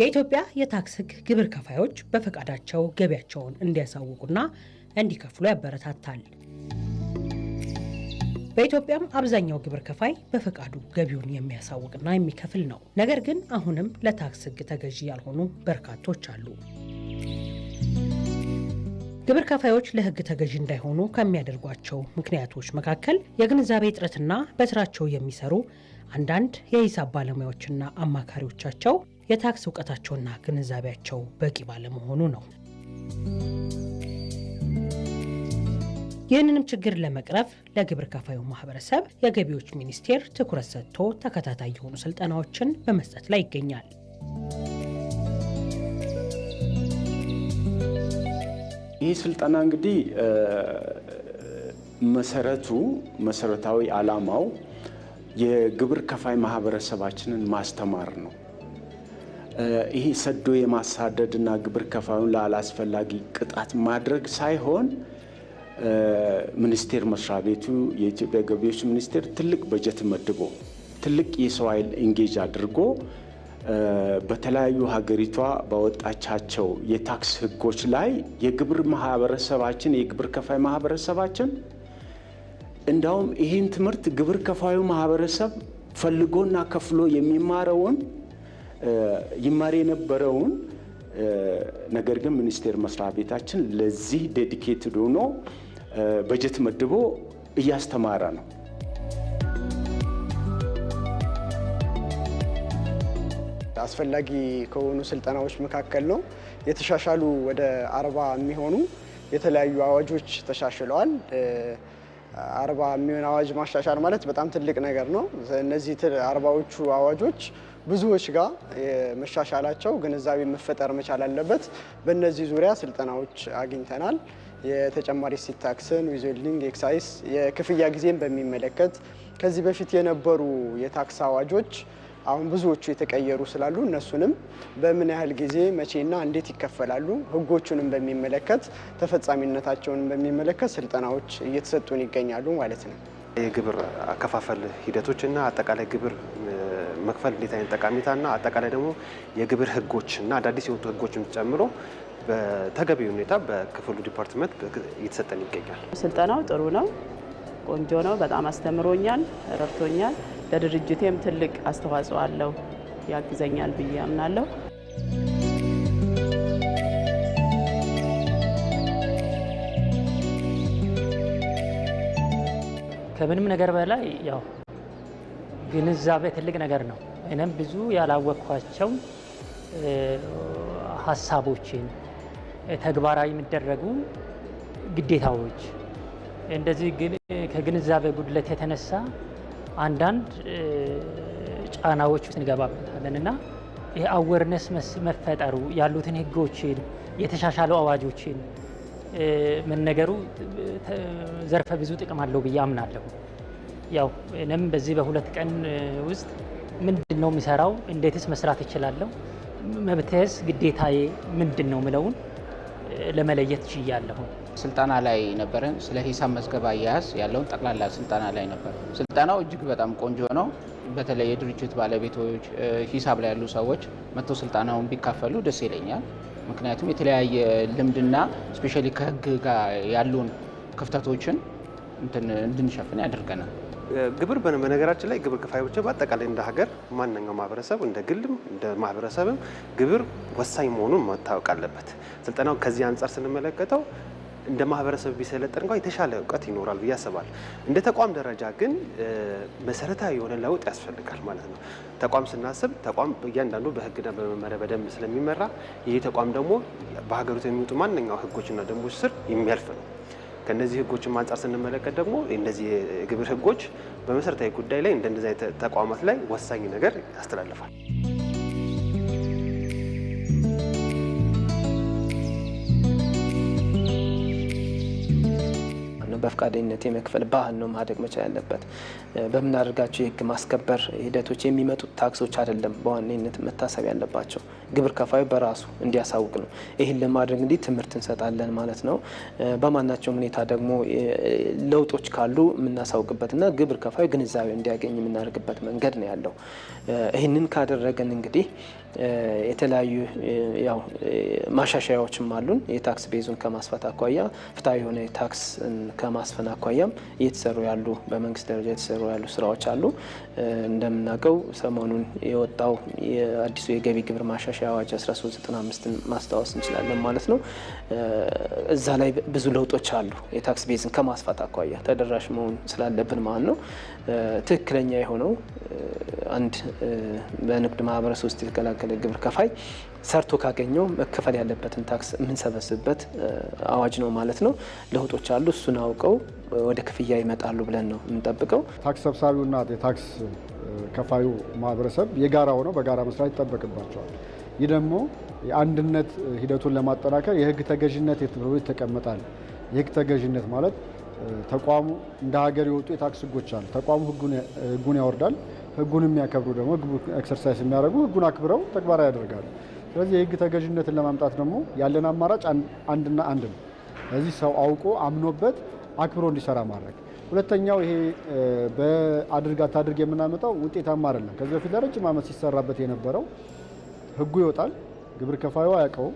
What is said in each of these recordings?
የኢትዮጵያ የታክስ ሕግ ግብር ከፋዮች በፈቃዳቸው ገቢያቸውን እንዲያሳውቁና እንዲከፍሉ ያበረታታል። በኢትዮጵያም አብዛኛው ግብር ከፋይ በፈቃዱ ገቢውን የሚያሳውቅና የሚከፍል ነው። ነገር ግን አሁንም ለታክስ ሕግ ተገዢ ያልሆኑ በርካቶች አሉ። ግብር ከፋዮች ለህግ ተገዢ እንዳይሆኑ ከሚያደርጓቸው ምክንያቶች መካከል የግንዛቤ እጥረትና በስራቸው የሚሰሩ አንዳንድ የሂሳብ ባለሙያዎችና አማካሪዎቻቸው የታክስ እውቀታቸውና ግንዛቤያቸው በቂ ባለመሆኑ ነው። ይህንንም ችግር ለመቅረፍ ለግብር ከፋዩ ማህበረሰብ የገቢዎች ሚኒስቴር ትኩረት ሰጥቶ ተከታታይ የሆኑ ስልጠናዎችን በመስጠት ላይ ይገኛል። ይህ ስልጠና እንግዲህ መሰረቱ መሰረታዊ ዓላማው የግብር ከፋይ ማህበረሰባችንን ማስተማር ነው። ይሄ ሰዶ የማሳደድና ግብር ከፋዩን ላላስፈላጊ ቅጣት ማድረግ ሳይሆን ሚኒስቴር መስሪያ ቤቱ የኢትዮጵያ ገቢዎች ሚኒስቴር ትልቅ በጀት መድቦ ትልቅ የሰው ኃይል አድርጎ በተለያዩ ሀገሪቷ ባወጣቻቸው የታክስ ሕጎች ላይ የግብር ማህበረሰባችን የግብር ከፋይ ማህበረሰባችን እንዳውም ይህን ትምህርት ግብር ከፋዩ ማህበረሰብ ፈልጎና ከፍሎ የሚማረውን ይማር የነበረውን ነገር ግን ሚኒስቴር መስሪያ ቤታችን ለዚህ ዴዲኬትድ ሆኖ በጀት መድቦ እያስተማረ ነው። አስፈላጊ ከሆኑ ስልጠናዎች መካከል ነው። የተሻሻሉ ወደ አርባ የሚሆኑ የተለያዩ አዋጆች ተሻሽለዋል። አርባ የሚሆን አዋጅ ማሻሻል ማለት በጣም ትልቅ ነገር ነው። እነዚህ አርባዎቹ አዋጆች ብዙዎች ጋር መሻሻላቸው ግንዛቤ መፈጠር መቻል አለበት። በእነዚህ ዙሪያ ስልጠናዎች አግኝተናል። የተጨማሪ እሴት ታክስን፣ ኤክሳይስ፣ የክፍያ ጊዜን በሚመለከት ከዚህ በፊት የነበሩ የታክስ አዋጆች አሁን ብዙዎቹ የተቀየሩ ስላሉ እነሱንም በምን ያህል ጊዜ መቼና እንዴት ይከፈላሉ፣ ህጎቹንም በሚመለከት ተፈጻሚነታቸውን በሚመለከት ስልጠናዎች እየተሰጡን ይገኛሉ ማለት ነው። የግብር አከፋፈል ሂደቶች እና አጠቃላይ ግብር መክፈል እንዴት አይነት እና አጠቃላይ ደግሞ የግብር ህጎች እና አዳዲስ የወጡ ህጎችን ጨምሮ በተገቢ ሁኔታ በክፍሉ ዲፓርትመንት እየተሰጠን ይገኛል። ስልጠናው ጥሩ ነው፣ ቆንጆ ነው። በጣም አስተምሮኛል፣ ረድቶኛል። ለድርጅቴም ትልቅ አስተዋጽኦ አለው፣ ያግዘኛል ብዬ አምናለሁ። ከምንም ነገር በላይ ያው ግንዛቤ ትልቅ ነገር ነው። እኔም ብዙ ያላወቅኳቸው ሀሳቦችን ተግባራዊ የሚደረጉ ግዴታዎች እንደዚህ ከግንዛቤ ጉድለት የተነሳ አንዳንድ ጫናዎች ውስጥ እንገባበታለን እና ይህ አዌርነስ መፈጠሩ ያሉትን ህጎችን የተሻሻሉ አዋጆችን መነገሩ ዘርፈ ብዙ ጥቅም አለው ብዬ አምናለሁ። ያው እኔም በዚህ በሁለት ቀን ውስጥ ምንድን ነው የሚሰራው፣ እንዴትስ መስራት ይችላለሁ፣ መብትስ ግዴታዬ ምንድን ነው ምለውን ለመለየት ችያለሁ። ስልጠና ላይ ነበርን ስለ ሂሳብ መዝገብ አያያዝ ያለውን ጠቅላላ ስልጠና ላይ ነበር። ስልጠናው እጅግ በጣም ቆንጆ ነው። በተለይ የድርጅት ባለቤቶች፣ ሂሳብ ላይ ያሉ ሰዎች መጥተው ስልጠናውን ቢካፈሉ ደስ ይለኛል። ምክንያቱም የተለያየ ልምድና ስፔሻሊ ከህግ ጋር ያሉን ክፍተቶችን እንድንሸፍን ያደርገናል። ግብር በነገራችን ላይ ግብር ብቻ በአጠቃላይ እንደ ሀገር ማንኛው ማህበረሰብ እንደ ግልም እንደ ማህበረሰብም ግብር ወሳኝ መሆኑን መታወቅ አለበት። ስልጠናው ከዚህ አንጻር ስንመለከተው እንደ ማህበረሰብ ቢሰለጠን እንኳ የተሻለ እውቀት ይኖራል ብዬ አስባለሁ። እንደ ተቋም ደረጃ ግን መሰረታዊ የሆነ ለውጥ ያስፈልጋል ማለት ነው። ተቋም ስናስብ ተቋም እያንዳንዱ በህግና በመመሪያ በደንብ ስለሚመራ ይህ ተቋም ደግሞ በሀገሪቱ የሚወጡ ማንኛው ህጎችና ደንቦች ስር የሚያልፍ ነው። ከነዚህ ህጎችም አንጻር ስንመለከት ደግሞ እነዚህ የግብር ህጎች በመሰረታዊ ጉዳይ ላይ እንደነዚህ ተቋማት ላይ ወሳኝ ነገር ያስተላልፋል። በፈቃደኝነት የመክፈል ባህል ነው ማደግ መቻል ያለበት። በምናደርጋቸው የህግ ማስከበር ሂደቶች የሚመጡት ታክሶች አይደለም በዋነኝነት መታሰብ ያለባቸው ግብር ከፋዩ በራሱ እንዲያሳውቅ ነው። ይህን ለማድረግ እንዲህ ትምህርት እንሰጣለን ማለት ነው። በማናቸውም ሁኔታ ደግሞ ለውጦች ካሉ የምናሳውቅበትና ግብር ከፋዩ ግንዛቤ እንዲያገኝ የምናደርግበት መንገድ ነው ያለው። ይህንን ካደረገን እንግዲህ የተለያዩ ያው ማሻሻያዎችም አሉን። የታክስ ቤዙን ከማስፋት አኳያ ፍትሐዊ የሆነ ከ ከማስፈን አኳያም እየተሰሩ ያሉ በመንግስት ደረጃ የተሰሩ ያሉ ስራዎች አሉ። እንደምናውቀው ሰሞኑን የወጣው የአዲሱ የገቢ ግብር ማሻሻያ አዋጅ 1395ን ማስታወስ እንችላለን ማለት ነው። እዛ ላይ ብዙ ለውጦች አሉ። የታክስ ቤዝን ከማስፋት አኳያ ተደራሽ መሆን ስላለብን ማለት ነው። ትክክለኛ የሆነው አንድ በንግድ ማህበረሰብ ውስጥ የተቀላቀለ ግብር ከፋይ ሰርቶ ካገኘው መከፈል ያለበትን ታክስ የምንሰበስብበት አዋጅ ነው ማለት ነው። ለውጦች አሉ። እሱን አውቀው ወደ ክፍያ ይመጣሉ ብለን ነው የምንጠብቀው። ታክስ ሰብሳቢውና የታክስ ከፋዩ ማህበረሰብ የጋራ ሆነው በጋራ መስራት ይጠበቅባቸዋል። ይህ ደግሞ የአንድነት ሂደቱን ለማጠናከር የህግ ተገዥነት ተብሎ ይተቀመጣል። የህግ ተገዥነት ማለት ተቋሙ እንደ ሀገር የወጡ የታክስ ህጎች አሉ። ተቋሙ ህጉን ያወርዳል። ህጉን የሚያከብሩ ደግሞ ኤክሰርሳይዝ የሚያደርጉ ህጉን አክብረው ተግባራዊ ያደርጋሉ። ስለዚህ የህግ ተገዥነትን ለማምጣት ደግሞ ያለን አማራጭ አንድና አንድ ነው። እዚህ ሰው አውቆ አምኖበት አክብሮ እንዲሰራ ማድረግ። ሁለተኛው ይሄ በአድርግ አታድርግ የምናመጣው ውጤታማ አይደለም። ከዚህ በፊት ለረጅም ዓመት ሲሰራበት የነበረው ህጉ ይወጣል፣ ግብር ከፋዩ አያውቀውም።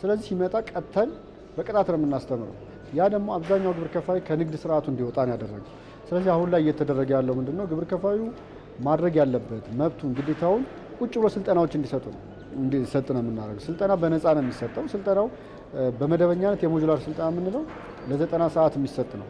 ስለዚህ ሲመጣ ቀጥተን በቅጣት ነው የምናስተምረው። ያ ደግሞ አብዛኛው ግብር ከፋይ ከንግድ ስርዓቱ እንዲወጣ ነው ያደረገ ስለዚህ አሁን ላይ እየተደረገ ያለው ምንድነው? ግብር ከፋዩ ማድረግ ያለበት መብቱን ግዴታውን ቁጭ ብሎ ስልጠናዎች እንዲሰጡ ነው። እንዲሰጥ ነው የምናደርገው። ስልጠና በነፃ ነው የሚሰጠው። ስልጠናው በመደበኛነት የሞጁላር ስልጠና የምንለው ለዘጠና ሰዓት የሚሰጥ ነው።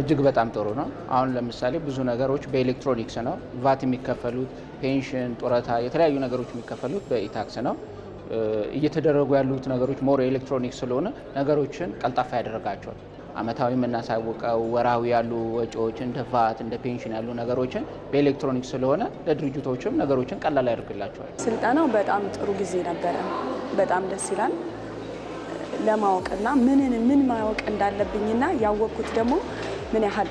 እጅግ በጣም ጥሩ ነው። አሁን ለምሳሌ ብዙ ነገሮች በኤሌክትሮኒክስ ነው። ቫት የሚከፈሉት ፔንሽን፣ ጡረታ፣ የተለያዩ ነገሮች የሚከፈሉት በኢታክስ ነው። እየተደረጉ ያሉት ነገሮች ሞር ኤሌክትሮኒክስ ስለሆነ ነገሮችን ቀልጣፋ ያደረጋቸዋል። አመታዊ የምናሳውቀው ወራዊ ያሉ ወጪዎች እንደ ቫት እንደ ፔንሽን ያሉ ነገሮችን በኤሌክትሮኒክ ስለሆነ ለድርጅቶችም ነገሮችን ቀላል ያደርግላቸዋል። ስልጠናው በጣም ጥሩ ጊዜ ነበረ። በጣም ደስ ይላል ለማወቅና ምንን ምን ማወቅ እንዳለብኝና ያወቅኩት ደግሞ ምን ያህል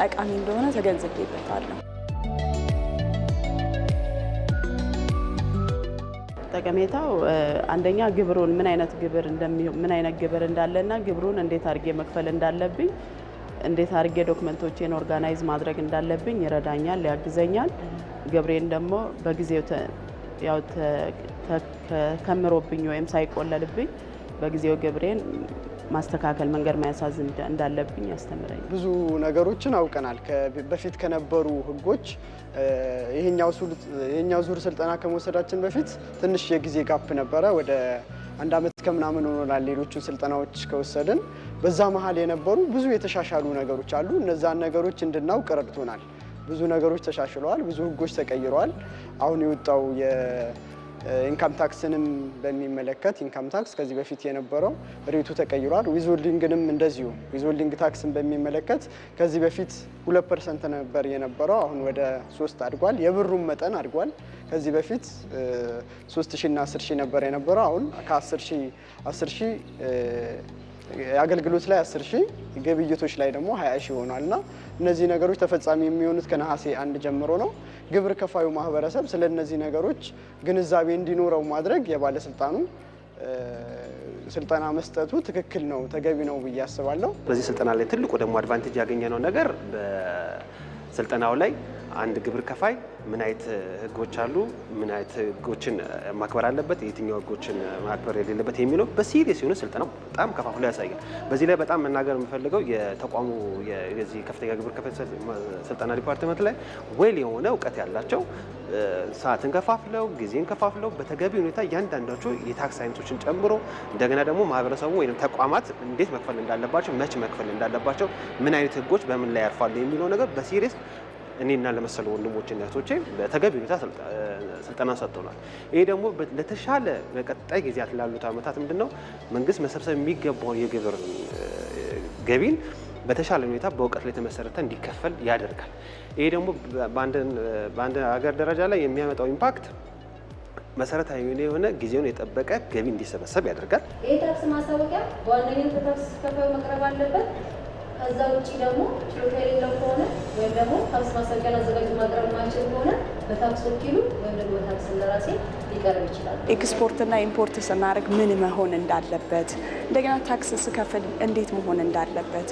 ጠቃሚ እንደሆነ ተገንዝቤበታለሁ። ጠቀሜታው አንደኛ ግብሩን ምን አይነት ግብር ምን አይነት ግብር እንዳለና ግብሩን እንዴት አድርጌ መክፈል እንዳለብኝ እንዴት አድርጌ ዶክመንቶቼን ኦርጋናይዝ ማድረግ እንዳለብኝ ይረዳኛል፣ ያግዘኛል። ግብሬን ደግሞ በጊዜው ያው ተከምሮብኝ ወይም ሳይቆለልብኝ በጊዜው ግብሬን ማስተካከል መንገድ ማያሳዝ እንዳለብኝ ያስተምረኝ። ብዙ ነገሮችን አውቀናል። በፊት ከነበሩ ህጎች ይሄኛው ዙር ስልጠና ከመውሰዳችን በፊት ትንሽ የጊዜ ጋፕ ነበረ። ወደ አንድ አመት ከምናምን ሆኖናል ሌሎቹን ስልጠናዎች ከወሰድን። በዛ መሀል የነበሩ ብዙ የተሻሻሉ ነገሮች አሉ። እነዛን ነገሮች እንድናውቅ ረድቶናል። ብዙ ነገሮች ተሻሽለዋል። ብዙ ህጎች ተቀይረዋል። አሁን የወጣው ኢንካም uh, ታክስንም በሚመለከት ኢንካም ታክስ ከዚህ በፊት የነበረው ሬቱ ተቀይሯል። ዊዝሆልዲንግንም እንደዚሁ ዊዝሆልዲንግ ታክስን በሚመለከት ከዚህ በፊት ሁለት ፐርሰንት ነበር የነበረው አሁን ወደ ሶስት አድጓል። የብሩም መጠን አድጓል። ከዚህ በፊት uh, ሶስት ሺ እና አስር ሺ ነበር የነበረው አሁን ከአስር ሺ አስር ሺ አገልግሎት ላይ 10 ሺህ ግብይቶች ላይ ደግሞ 20 ሺህ ሆኗል እና እነዚህ ነገሮች ተፈጻሚ የሚሆኑት ከነሐሴ አንድ ጀምሮ ነው። ግብር ከፋዩ ማህበረሰብ ስለ እነዚህ ነገሮች ግንዛቤ እንዲኖረው ማድረግ የባለስልጣኑ ስልጠና መስጠቱ ትክክል ነው፣ ተገቢ ነው ብዬ አስባለሁ። በዚህ ስልጠና ላይ ትልቁ ደግሞ አድቫንቴጅ ያገኘነው ነገር በስልጠናው ላይ አንድ ግብር ከፋይ ምን አይነት ህጎች አሉ፣ ምን አይነት ህጎችን ማክበር አለበት፣ የትኛው ህጎችን ማክበር የሌለበት የሚለው በሲሪየስ የሆነ ስልጠናው በጣም ከፋፍሎ ያሳያል። በዚህ ላይ በጣም መናገር የምፈልገው የተቋሙ የዚህ ከፍተኛ ግብር ከፋይ ስልጠና ዲፓርትመንት ላይ ዌል የሆነ እውቀት ያላቸው ሰዓትን ከፋፍለው ጊዜን ከፋፍለው በተገቢ ሁኔታ እያንዳንዳቸው የታክስ አይነቶችን ጨምሮ እንደገና ደግሞ ማህበረሰቡ ወይም ተቋማት እንዴት መክፈል እንዳለባቸው፣ መች መክፈል እንዳለባቸው፣ ምን አይነት ህጎች በምን ላይ ያርፋሉ የሚለው ነገር በሲሪየስ እኔና ለመሰሉ ወንድሞችና እህቶቼ በተገቢ ሁኔታ ስልጠና ሰጥተውናል። ይሄ ደግሞ ለተሻለ በቀጣይ ጊዜያት ላሉት ዓመታት ምንድነው መንግስት መሰብሰብ የሚገባውን የግብር ገቢን በተሻለ ሁኔታ በእውቀት ላይ የተመሰረተ እንዲከፈል ያደርጋል። ይሄ ደግሞ በአንድ ሀገር ደረጃ ላይ የሚያመጣው ኢምፓክት መሰረታዊ የሆነ ጊዜውን የጠበቀ ገቢ እንዲሰበሰብ ያደርጋል። ይህ ታክስ ማሳወቂያ በዋነኝነት ታክስ ከፋዩ መቅረብ አለበት። ከዛ ውጭ ደግሞ ችሎታ የሌለው ከሆነ ወይም ደግሞ ታክስ ማስታወቂያን አዘጋጅ ማቅረብ ማይችል ከሆነ በታክስ ወኪሉ ወይም ደግሞ በታክስ እንደራሴ ሊቀርብ ይችላል። ኤክስፖርትና ኢምፖርት ስናደርግ ምን መሆን እንዳለበት፣ እንደገና ታክስ ስከፍል እንዴት መሆን እንዳለበት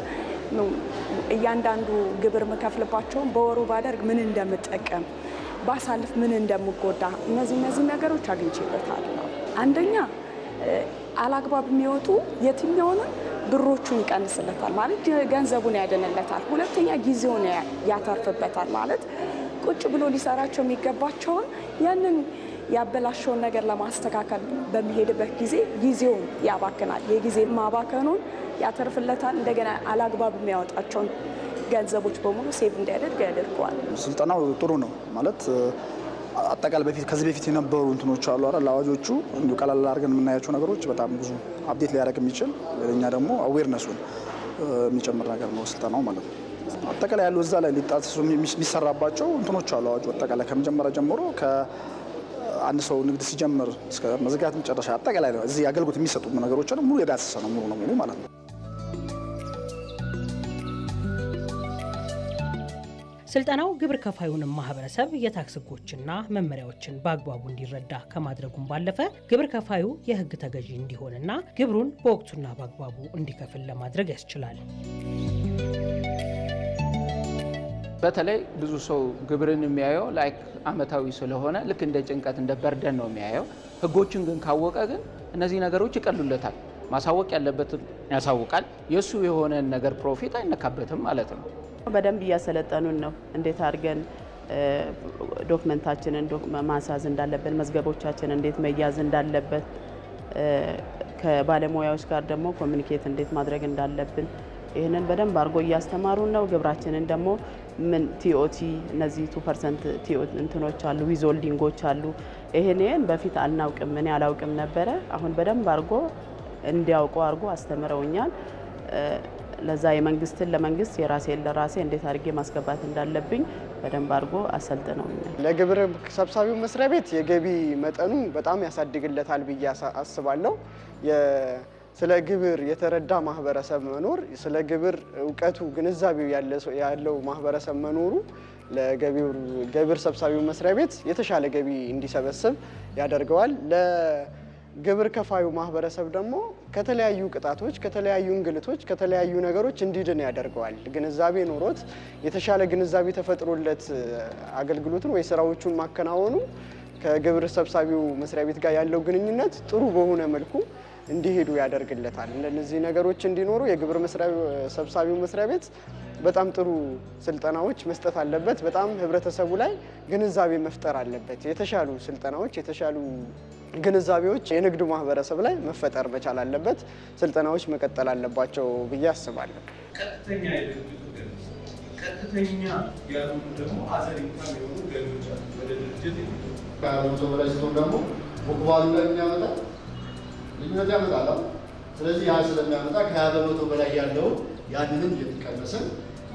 እያንዳንዱ ግብር የምከፍልባቸውን በወሩ ባደርግ ምን እንደምጠቀም ባሳልፍ ምን እንደምጎዳ እነዚህ እነዚህ ነገሮች አግኝቼበታለሁ። አንደኛ አላግባብ የሚወጡ የትኛውንም ብሮቹን ይቀንስለታል ማለት ገንዘቡን ያደንለታል። ሁለተኛ ጊዜውን ያተርፍበታል ማለት ቁጭ ብሎ ሊሰራቸው የሚገባቸውን ያንን ያበላሸውን ነገር ለማስተካከል በሚሄድበት ጊዜ ጊዜውን ያባክናል። የጊዜ ማባከኑን ያተርፍለታል። እንደገና አላግባብ የሚያወጣቸውን ገንዘቦች በሙሉ ሴቭ እንዲያደርግ ያደርገዋል። ስልጠናው ጥሩ ነው ማለት አጠቃላይ በፊት ከዚህ በፊት የነበሩ እንትኖች አሉ አይደል አዋጆቹ እንዲ ቀላል አድርገን የምናያቸው ነገሮች በጣም ብዙ አብዴት ሊያደርግ የሚችል እኛ ደግሞ አዌርነሱን የሚጨምር ነገር ነው ስልጠናው ማለት ነው። አጠቃላይ ያሉ እዛ ላይ ሊጣሰሱ የሚሰራባቸው እንትኖች አሉ አዋጁ አጠቃላይ ከመጀመሪያ ጀምሮ አንድ ሰው ንግድ ሲጀምር እስከ መዝጋት መጨረሻ አጠቃላይ እዚህ አገልግሎት የሚሰጡ ነገሮችን ሙሉ የዳሰሰ ነው ሙሉ ነው ሙሉ ማለት ነው። ስልጠናው ግብር ከፋዩንም ማህበረሰብ የታክስ ህጎችና መመሪያዎችን በአግባቡ እንዲረዳ ከማድረጉም ባለፈ ግብር ከፋዩ የህግ ተገዢ እንዲሆንና ግብሩን በወቅቱና በአግባቡ እንዲከፍል ለማድረግ ያስችላል። በተለይ ብዙ ሰው ግብርን የሚያየው ላይክ አመታዊ ስለሆነ ልክ እንደ ጭንቀት እንደ በርደን ነው የሚያየው። ህጎችን ግን ካወቀ ግን እነዚህ ነገሮች ይቀሉለታል። ማሳወቅ ያለበትን ያሳውቃል። የእሱ የሆነን ነገር ፕሮፊት አይነካበትም ማለት ነው። በደንብ እያሰለጠኑን ነው። እንዴት አድርገን ዶክመንታችንን ማንሳዝ እንዳለብን፣ መዝገቦቻችን እንዴት መያዝ እንዳለበት፣ ከባለሙያዎች ጋር ደግሞ ኮሚኒኬት እንዴት ማድረግ እንዳለብን ይህንን በደንብ አድርጎ እያስተማሩን ነው። ግብራችንን ደግሞ ምን ቲኦቲ እነዚህ ቱ ፐርሰንት እንትኖች አሉ፣ ዊዞልዲንጎች አሉ። ይህንን በፊት አናውቅም፣ እኔ አላውቅም ነበረ። አሁን በደንብ አድርጎ እንዲያውቁ አድርጎ አስተምረውኛል። ለዛ የመንግስትን ለመንግስት የራሴን ለራሴ እንዴት አድርጌ ማስገባት እንዳለብኝ በደንብ አድርጎ ነው። ለግብር ሰብሳቢው መስሪያ ቤት የገቢ መጠኑ በጣም ያሳድግለታል ብዬ አስባለሁ። ስለ ግብር የተረዳ ማህበረሰብ መኖር፣ ስለ ግብር እውቀቱ ግንዛቤው ያለው ማህበረሰብ መኖሩ ለግብር ሰብሳቢው መስሪያ ቤት የተሻለ ገቢ እንዲሰበስብ ያደርገዋል። ግብር ከፋዩ ማህበረሰብ ደግሞ ከተለያዩ ቅጣቶች፣ ከተለያዩ እንግልቶች፣ ከተለያዩ ነገሮች እንዲድን ያደርገዋል። ግንዛቤ ኖሮት የተሻለ ግንዛቤ ተፈጥሮለት አገልግሎትን ወይ ስራዎቹን ማከናወኑ ከግብር ሰብሳቢው መስሪያ ቤት ጋር ያለው ግንኙነት ጥሩ በሆነ መልኩ እንዲሄዱ ያደርግለታል። እንደነዚህ ነገሮች እንዲኖሩ የግብር ሰብሳቢው መስሪያ ቤት በጣም ጥሩ ስልጠናዎች መስጠት አለበት። በጣም ህብረተሰቡ ላይ ግንዛቤ መፍጠር አለበት። የተሻሉ ስልጠናዎች፣ የተሻሉ ግንዛቤዎች የንግዱ ማህበረሰብ ላይ መፈጠር መቻል አለበት። ስልጠናዎች መቀጠል አለባቸው ብዬ አስባለሁ። ቀጥተኛ ያሉ ደግሞ አዘሪታ የሆኑ ገቢዎች አሉ ወደ ድርጅት ከመቶ ደግሞ ቡክባሉ ላይ የሚያመጣ ልዩነት ያመጣል። ስለዚህ ያ ስለሚያመጣ ከሀያ በመቶ በላይ ያለው ያንንም እየተቀነስን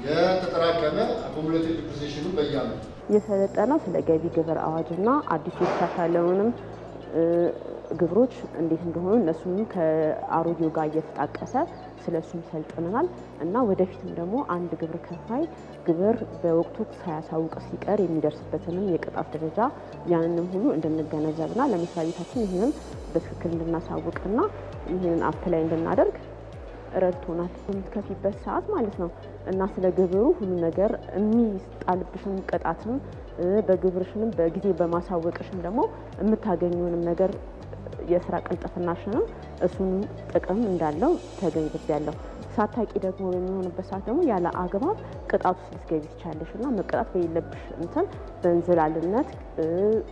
የተጠራቀመ አኮሙሌቲቭ ዲፕሪሲዬሽኑን በየዓመቱ የሰለጠነው ስለ ገቢ ግብር አዋጅና አዲሱ የተሻሻለውንም ግብሮች እንዴት እንደሆኑ እነሱም ከአሮጌው ጋር እየተጣቀሰ እሱም ሰልጥነናል እና ወደፊትም ደግሞ አንድ ግብር ከፋይ ግብር በወቅቱ ሳያሳውቅ ሲቀር የሚደርስበትንም የቅጣት ደረጃ ያንንም ሁሉ እንድንገነዘብና ለመስሪያ ቤታችን ይህንን በትክክል እንድናሳውቅና ይህንን አፕ ላይ እንድናደርግ ረድቶናል። በምትከፊበት ሰዓት ማለት ነው እና ስለ ግብሩ ሁሉ ነገር የሚጣልብሽን ቅጣትም በግብርሽንም በጊዜ በማሳወቅሽም ደግሞ የምታገኘውንም ነገር የስራ ቅልጥፍናሽንም እሱን ጥቅም እንዳለው ያለው ሳታቂ ደግሞ በሚሆንበት ሰዓት ደግሞ ያለ አግባብ ቅጣት ውስጥ ልትገቢ ትቻለሽ እና መቀጣት በሌለብሽ እንትን በእንዝላልነት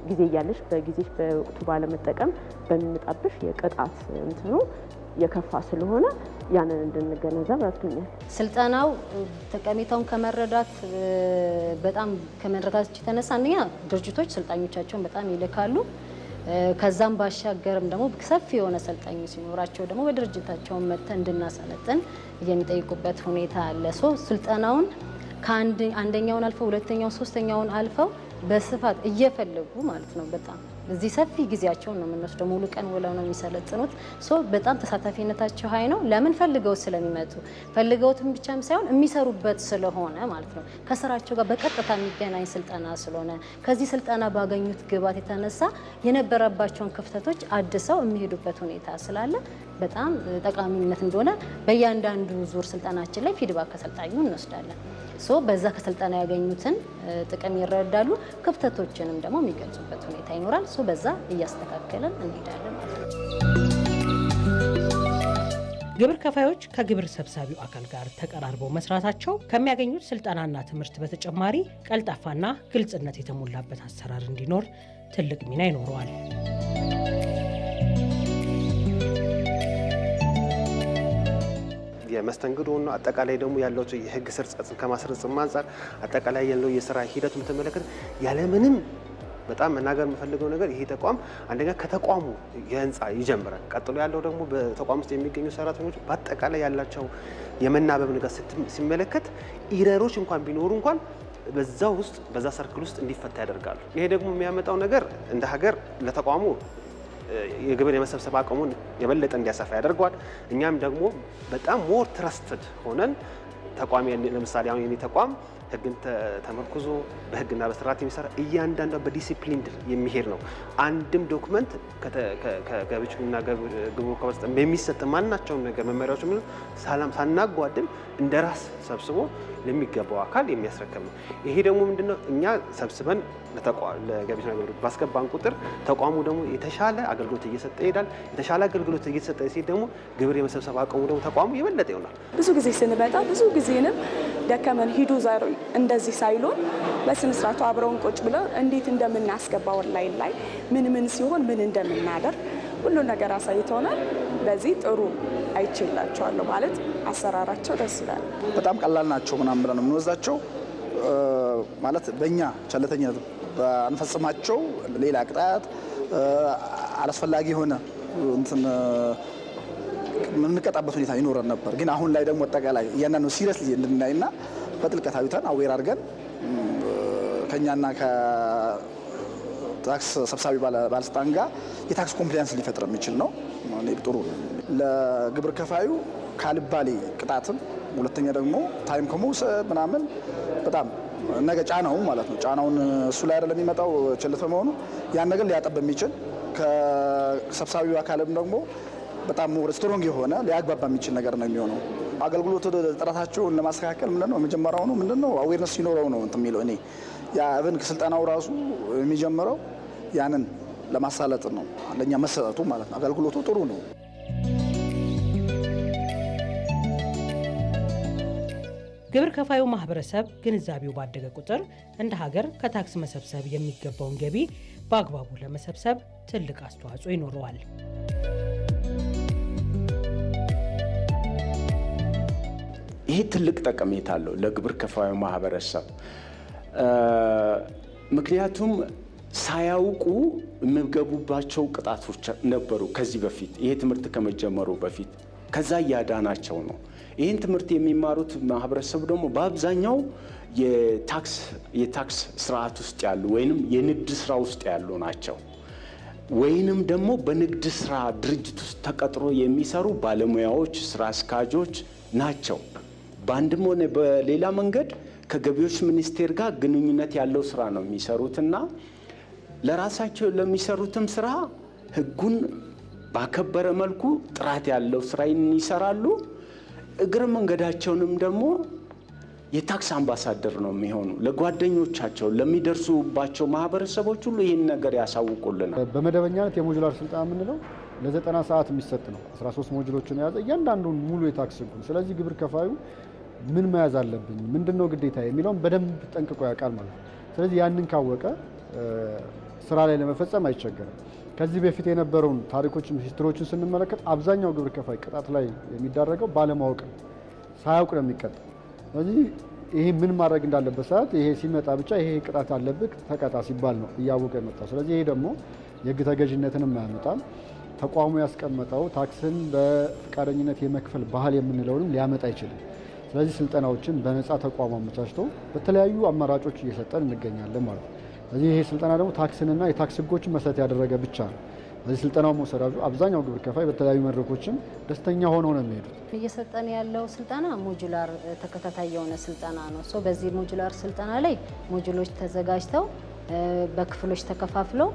ጊዜ እያለሽ በጊዜ በወቅቱ ባለመጠቀም በሚመጣብሽ የቅጣት እንትኑ የከፋ ስለሆነ ያንን እንድንገነዘብ ረድቶኛል። ስልጠናው ጠቀሜታውን ከመረዳት በጣም ከመረዳት የተነሳ አንደኛ ድርጅቶች ሰልጣኞቻቸውን በጣም ይልካሉ። ከዛም ባሻገርም ደግሞ ሰፊ የሆነ ሰልጣኝ ሲኖራቸው ደግሞ በድርጅታቸውን መጥተን እንድናሰለጥን የሚጠይቁበት ሁኔታ አለ። ሶ ስልጠናውን ከአንደኛውን አልፈው ሁለተኛውን ሶስተኛውን አልፈው በስፋት እየፈለጉ ማለት ነው በጣም እዚህ ሰፊ ጊዜያቸውን ነው የምንወስደው። ሙሉ ቀን ውለው ነው የሚሰለጥኑት። ሶ በጣም ተሳታፊነታቸው ሀይ ነው። ለምን ፈልገውት ስለሚመጡ ፈልገውትም ብቻም ሳይሆን የሚሰሩበት ስለሆነ ማለት ነው። ከስራቸው ጋር በቀጥታ የሚገናኝ ስልጠና ስለሆነ ከዚህ ስልጠና ባገኙት ግባት የተነሳ የነበረባቸውን ክፍተቶች አድሰው የሚሄዱበት ሁኔታ ስላለ በጣም ጠቃሚነት እንደሆነ በእያንዳንዱ ዙር ስልጠናችን ላይ ፊድባክ ከሰልጣኙ እንወስዳለን። ሶ በዛ ከስልጠና ያገኙትን ጥቅም ይረዳሉ። ክፍተቶችንም ደግሞ የሚገልጹበት ሁኔታ ይኖራል። ሶ በዛ እያስተካከለን እንሄዳለን ማለት ነው። ግብር ከፋዮች ከግብር ሰብሳቢው አካል ጋር ተቀራርበው መስራታቸው ከሚያገኙት ስልጠናና ትምህርት በተጨማሪ ቀልጣፋና ግልጽነት የተሞላበት አሰራር እንዲኖር ትልቅ ሚና ይኖረዋል። የመስተንግዶና አጠቃላይ ደግሞ ያለው የህግ ስርጸት ከማስረጽም አንጻር አጠቃላይ ያለው የስራ ሂደቱን በተመለከተ ያለምንም በጣም መናገር የምፈልገው ነገር ይሄ ተቋም አንደኛ ከተቋሙ የህንፃ ይጀምራል። ቀጥሎ ያለው ደግሞ በተቋም ውስጥ የሚገኙ ሰራተኞች በአጠቃላይ ያላቸው የመናበብ ነገር ሲመለከት ኢረሮች እንኳን ቢኖሩ እንኳን በዛ ውስጥ በዛ ሰርክል ውስጥ እንዲፈታ ያደርጋሉ። ይሄ ደግሞ የሚያመጣው ነገር እንደ ሀገር ለተቋሙ የግብር የመሰብሰብ አቅሙን የበለጠ እንዲያሰፋ ያደርገዋል። እኛም ደግሞ በጣም ሞር ትረስትድ ሆነን ተቋም ለምሳሌ አሁን የኔ ተቋም ህግን ተመርኩዞ በህግና በስርዓት የሚሰራ እያንዳንዷ በዲሲፕሊን የሚሄድ ነው። አንድም ዶክመንት ከገቢዎችና ግብር ከበስተቀር የሚሰጥ ማናቸውም ነገር መመሪያዎች ምን ሰላም ሳናጓድም እንደ ራስ ሰብስቦ ለሚገባው አካል የሚያስረክብ ነው። ይሄ ደግሞ ምንድነው እኛ ሰብስበን ለገቢዎችና ግብር ባስገባን ቁጥር ተቋሙ ደግሞ የተሻለ አገልግሎት እየሰጠ ይሄዳል። የተሻለ አገልግሎት እየተሰጠ ሲሄድ ደግሞ ግብር የመሰብሰብ አቅሙ ደግሞ ተቋሙ የበለጠ ይሆናል። ብዙ ጊዜ ስንመጣ ብዙ ጊዜንም ደከመን ሂዱ ዘሩ እንደዚህ ሳይሉን በስነስርዓቱ አብረውን ቁጭ ብለው እንዴት እንደምናስገባ ኦንላይን ላይ ምን ምን ሲሆን ምን እንደምናደርግ ሁሉን ነገር አሳይተውናል። በዚህ ጥሩ አይችላቸዋለሁ ማለት አሰራራቸው ደስ ይላል። በጣም ቀላል ናቸው ምናምን ብለን የምንወዛቸው ማለት በእኛ ቸለተኝነት አንፈጽማቸው ሌላ ቅጣት አላስፈላጊ የሆነ እንትን የምንቀጣበት ሁኔታ ይኖረን ነበር። ግን አሁን ላይ ደግሞ አጠቃላይ እያንዳንዱ እንድናይ ና በጥልቀት አዊተን አዌር አድርገን ከእኛና ከታክስ ሰብሳቢ ባለስልጣን ጋር የታክስ ኮምፕላያንስ ሊፈጥር የሚችል ነው። ጥሩ ለግብር ከፋዩ ካልባሌ ቅጣትም፣ ሁለተኛ ደግሞ ታይም ከመውሰድ ምናምን በጣም ነገ ጫናው ማለት ነው ጫናውን እሱ ላይ አይደለም የሚመጣው ቸልተ መሆኑ ያን ነገር ሊያጠብ የሚችል ከሰብሳቢው አካልም ደግሞ በጣም ስትሮንግ የሆነ ሊያግባባ የሚችል ነገር ነው የሚሆነው። አገልግሎት ጥራታቸውን ለማስተካከል ምንድነው የመጀመሪያው ነው ምንድነው አዌርነስ ሲኖረው ነው እንትን የሚለው እኔ ያብን ስልጠናው ራሱ የሚጀምረው ያንን ለማሳለጥ ነው ለእኛ መሰጠቱ ማለት ነው። አገልግሎቱ ጥሩ ነው። ግብር ከፋዩ ማህበረሰብ ግንዛቤው ባደገ ቁጥር እንደ ሀገር ከታክስ መሰብሰብ የሚገባውን ገቢ በአግባቡ ለመሰብሰብ ትልቅ አስተዋጽኦ ይኖረዋል። ይሄ ትልቅ ጠቀሜታ አለው ለግብር ከፋዩ ማህበረሰብ። ምክንያቱም ሳያውቁ የሚገቡባቸው ቅጣቶች ነበሩ ከዚህ በፊት ይሄ ትምህርት ከመጀመሩ በፊት ከዛ እያዳናቸው ነው። ይህን ትምህርት የሚማሩት ማህበረሰቡ ደግሞ በአብዛኛው የታክስ ስርዓት ውስጥ ያሉ ወይንም የንግድ ስራ ውስጥ ያሉ ናቸው። ወይንም ደግሞ በንግድ ስራ ድርጅት ውስጥ ተቀጥሮ የሚሰሩ ባለሙያዎች፣ ስራ አስኪያጆች ናቸው። በአንድም ሆነ በሌላ መንገድ ከገቢዎች ሚኒስቴር ጋር ግንኙነት ያለው ስራ ነው የሚሰሩትና ለራሳቸው ለሚሰሩትም ስራ ህጉን ባከበረ መልኩ ጥራት ያለው ስራ ይሰራሉ። እግረ መንገዳቸውንም ደግሞ የታክስ አምባሳደር ነው የሚሆኑ። ለጓደኞቻቸው ለሚደርሱባቸው ማህበረሰቦች ሁሉ ይህን ነገር ያሳውቁልናል። በመደበኛነት የሞጁላር ስልጣን የምንለው ለዘጠና ሰዓት የሚሰጥ ነው። 13 ሞጁሎችን የያዘ እያንዳንዱን ሙሉ የታክስ ህጉን። ስለዚህ ግብር ከፋዩ ምን መያዝ አለብኝ፣ ምንድን ነው ግዴታ የሚለውን በደንብ ጠንቅቆ ያውቃል ማለት ነው። ስለዚህ ያንን ካወቀ ስራ ላይ ለመፈጸም አይቸገርም። ከዚህ በፊት የነበረውን ታሪኮችን ሂስትሪዎችን ስንመለከት አብዛኛው ግብር ከፋይ ቅጣት ላይ የሚዳረገው ባለማወቅ ሳያውቅ ነው የሚቀጥ ስለዚህ ይሄ ምን ማድረግ እንዳለበት ሰዓት ይሄ ሲመጣ ብቻ ይሄ ቅጣት አለብህ ተቀጣ ሲባል ነው እያወቀ የመጣው። ስለዚህ ይሄ ደግሞ የህግ ተገዥነትንም አያመጣም። ተቋሙ ያስቀመጠው ታክስን በፈቃደኝነት የመክፈል ባህል የምንለውንም ሊያመጣ አይችልም። ስለዚህ ስልጠናዎችን በነፃ ተቋሙ አመቻችቶ በተለያዩ አማራጮች እየሰጠን እንገኛለን ማለት ነው። ስለዚህ ይሄ ስልጠና ደግሞ ታክስንና የታክስ ሕጎችን መሰረት ያደረገ ብቻ ነው። ስለዚህ ስልጠናው መውሰድ አብዛኛው ግብር ከፋይ በተለያዩ መድረኮችም ደስተኛ ሆኖ ነው የሚሄዱት። እየሰጠን ያለው ስልጠና ሞጁላር ተከታታይ የሆነ ስልጠና ነው። በዚህ ሞጁላር ስልጠና ላይ ሞጁሎች ተዘጋጅተው በክፍሎች ተከፋፍለው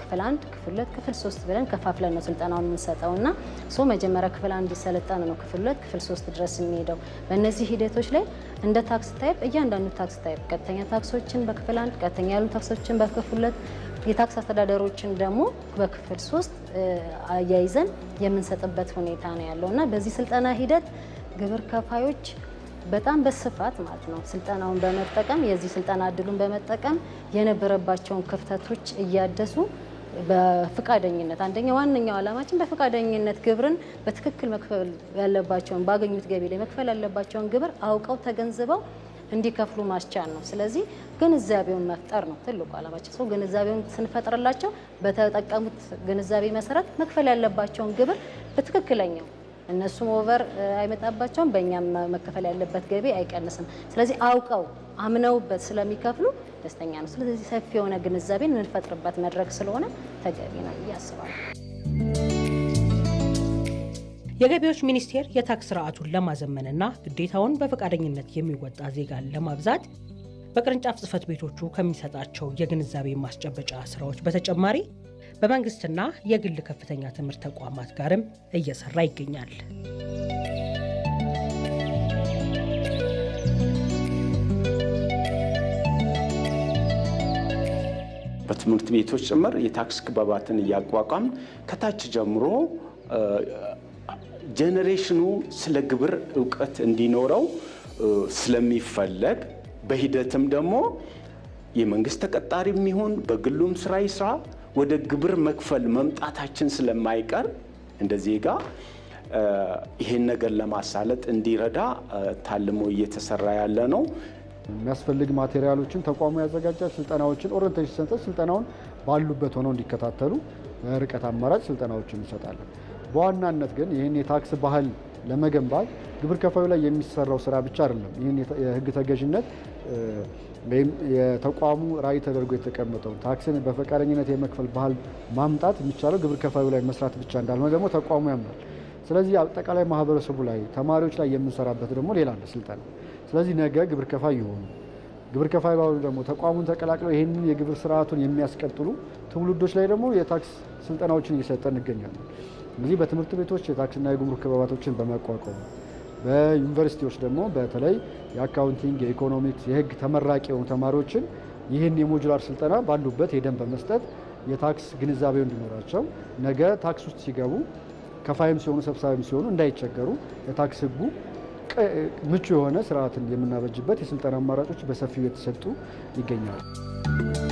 ክፍል አንድ፣ ክፍል ሁለት፣ ክፍል ሶስት ብለን ከፋፍለን ነው ስልጠናውን የምንሰጠው እና ሶ መጀመሪያ ክፍል አንድ የሰለጠነ ነው ክፍል ሁለት፣ ክፍል ሶስት ድረስ የሚሄደው። በእነዚህ ሂደቶች ላይ እንደ ታክስ ታይፕ እያንዳንዱ ታክስ ታይፕ ቀጥተኛ ታክሶችን በክፍል አንድ፣ ቀጥተኛ ያሉ ታክሶችን በክፍል ሁለት፣ የታክስ አስተዳደሮችን ደግሞ በክፍል ሶስት አያይዘን የምንሰጥበት ሁኔታ ነው ያለው እና በዚህ ስልጠና ሂደት ግብር ከፋዮች በጣም በስፋት ማለት ነው ስልጠናውን በመጠቀም የዚህ ስልጠና እድሉን በመጠቀም የነበረባቸውን ክፍተቶች እያደሱ በፍቃደኝነት አንደኛ ዋነኛው ዓላማችን በፍቃደኝነት ግብርን በትክክል መክፈል ያለባቸውን ባገኙት ገቢ ላይ መክፈል ያለባቸውን ግብር አውቀው ተገንዝበው እንዲከፍሉ ማስቻል ነው። ስለዚህ ግንዛቤውን መፍጠር ነው ትልቁ ዓላማችን። ሰው ግንዛቤውን ስንፈጥርላቸው በተጠቀሙት ግንዛቤ መሰረት መክፈል ያለባቸውን ግብር በትክክለኛው እነሱም ኦቨር አይመጣባቸውም፣ በእኛም መከፈል ያለበት ገቢ አይቀንስም። ስለዚህ አውቀው አምነውበት ስለሚከፍሉ ደስተኛ ነው። ስለዚህ ሰፊ የሆነ ግንዛቤን የምንፈጥርበት መድረክ ስለሆነ ተገቢ ነው ብዬ የገቢዎች ሚኒስቴር የታክስ ስርዓቱን ለማዘመንና ግዴታውን በፈቃደኝነት የሚወጣ ዜጋን ለማብዛት በቅርንጫፍ ጽህፈት ቤቶቹ ከሚሰጣቸው የግንዛቤ ማስጨበጫ ስራዎች በተጨማሪ በመንግስትና የግል ከፍተኛ ትምህርት ተቋማት ጋርም እየሰራ ይገኛል። በትምህርት ቤቶች ጭምር የታክስ ክበባትን እያቋቋም ከታች ጀምሮ ጀኔሬሽኑ ስለ ግብር እውቀት እንዲኖረው ስለሚፈለግ በሂደትም ደግሞ የመንግስት ተቀጣሪ የሚሆን በግሉም ስራ ይስራ ወደ ግብር መክፈል መምጣታችን ስለማይቀር እንደዚህ ጋር ይሄን ነገር ለማሳለጥ እንዲረዳ ታልሞ እየተሰራ ያለ ነው። የሚያስፈልግ ማቴሪያሎችን ተቋሙ ያዘጋጃል። ስልጠናዎችን ኦሪንቴሽን ሰንተር ስልጠናውን ባሉበት ሆነው እንዲከታተሉ ርቀት አማራጭ ስልጠናዎችን እንሰጣለን። በዋናነት ግን ይህን የታክስ ባህል ለመገንባት ግብር ከፋዩ ላይ የሚሰራው ስራ ብቻ አይደለም። ይህን የህግ ተገዥነት ወይም የተቋሙ ራዕይ ተደርጎ የተቀመጠው ታክስን በፈቃደኝነት የመክፈል ባህል ማምጣት የሚቻለው ግብር ከፋዩ ላይ መስራት ብቻ እንዳልሆነ ደግሞ ተቋሙ ያምናል። ስለዚህ አጠቃላይ ማህበረሰቡ ላይ ተማሪዎች ላይ የምንሰራበት ደግሞ ሌላ አለ ስልጠና። ስለዚህ ነገ ግብር ከፋይ የሆኑ ግብር ከፋይ ባሉ ደግሞ ተቋሙን ተቀላቅለው ይህንን የግብር ስርዓቱን የሚያስቀጥሉ ትውልዶች ላይ ደግሞ የታክስ ስልጠናዎችን እየሰጠን እንገኛለን። እነዚህ በትምህርት ቤቶች የታክስና የጉምሩክ ክበባቶችን በማቋቋም በዩኒቨርሲቲዎች ደግሞ በተለይ የአካውንቲንግ፣ የኢኮኖሚክስ፣ የህግ ተመራቂ የሆኑ ተማሪዎችን ይህን የሞጁላር ስልጠና ባሉበት ሄደን በመስጠት የታክስ ግንዛቤው እንዲኖራቸው ነገ ታክስ ውስጥ ሲገቡ ከፋይም ሲሆኑ ሰብሳቢም ሲሆኑ እንዳይቸገሩ የታክስ ህጉ ምቹ የሆነ ስርዓትን የምናበጅበት የስልጠና አማራጮች በሰፊው የተሰጡ ይገኛሉ።